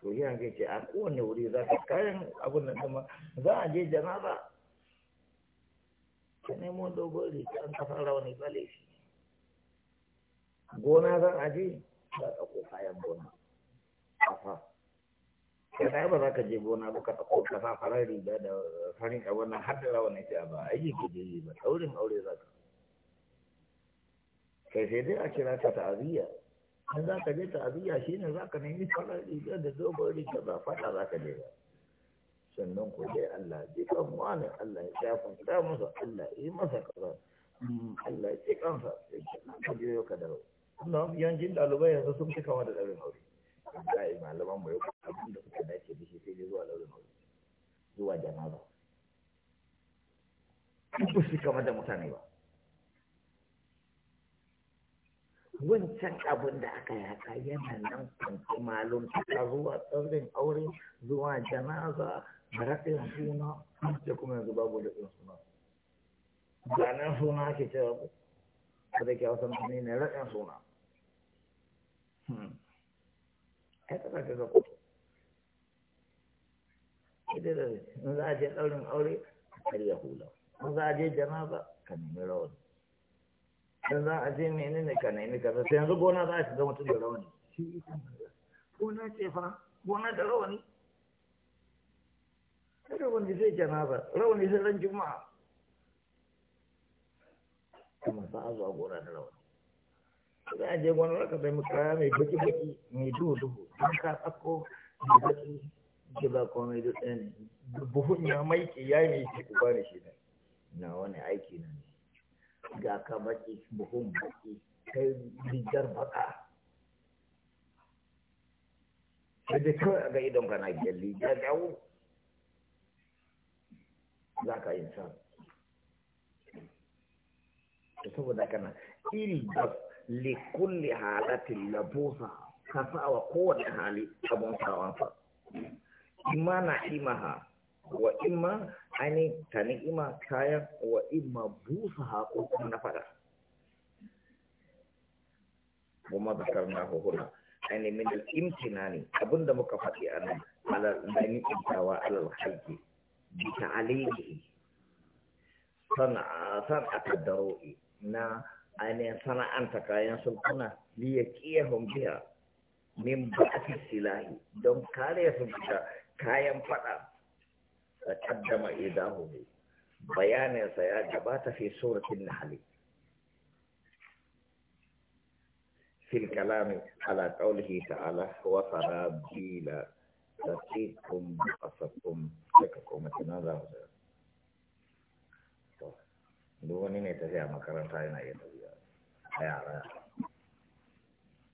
to shi ke ce a kowane wuri za ka kayan abin da kuma za a je janaza ka nemo dogon riga an kafa rauni ba laifi gona zan aje za a ɗauko kayan gona fa. kada ba za ka je gona ba ka ɗauko ka sa farar riga da farin a wannan har da rawan ake ba aiki ka je yi ba ɗaurin aure za ka kai sai dai a kira ka ta'aziyya in za ka je ta'aziyya shi ne za ka nemi farar riga da dogon riga ba faɗa za ka je ba sannan ku dai Allah ji kan wani Allah ya shafin ta masa Allah yi masa kaza mm, Allah ya ci kansa sai ka je ka dawo. Allah yawancin ɗalibai yanzu sun fi kama da ɗaurin aure. Allah ya malaman mu ya abin da suka dace da shi sai dai zuwa ɗaurin aure zuwa jana'a ba su kama da mutane ba wancan abin da aka yaka yana nan kwanci malum ta zuwa tsaurin aure zuwa janaza da raɗin suna da kuma yanzu babu da ɗin suna ganin suna ake cewa ku a da kyau san ne raɗin suna ya hmm. tsaka ga kotu idan da in za a je ɗaurin aure a ya hula in za a je janaba ka nemi rawani in za a je menene ka nemi kaza sai yanzu gona za a shiga mutum da rawani shi gona ce fa gona da rawani rawani sai janaba rawani sai ran juma'a kuma za a zuwa gona da rawani za a je gona za ka bai mu kaya mai baki-baki mai duhu-duhu don ka tsakko mai baki ke ba komai da ɗaya buhun ya maiki ya yi ne ku bani shi ne na wani aiki na ne ga ka baki buhun baki kai rigar baka sai dai kawai a ga idon kana gyalli ya dawo za ka yi sa to saboda kana ilbas le kulli halatin labusa ka sa wa kowane hali abun sawansa imma na imaha wa imma ainihin ta ima kayan wa imma busa ko kuma na faɗa kuma zakar na hukuna ainihin min al'imtina ne abinda muka faɗi a nan alalani intawa alal halki bi ta'alilihi sana'ata daro'i na ainihin sana'anta kayan sulkuna liya kiyahun biya min ba'ati silahi don kare sun fita kayan fada a kaddama idahu ne bayaninsa ya gabata fi suratin nahali fil kalami ala qawlihi ta'ala wa sarabila tatikum asakum daga kuma tunan za mu duk wani mai tafiya makaranta yana iya tafiya a yara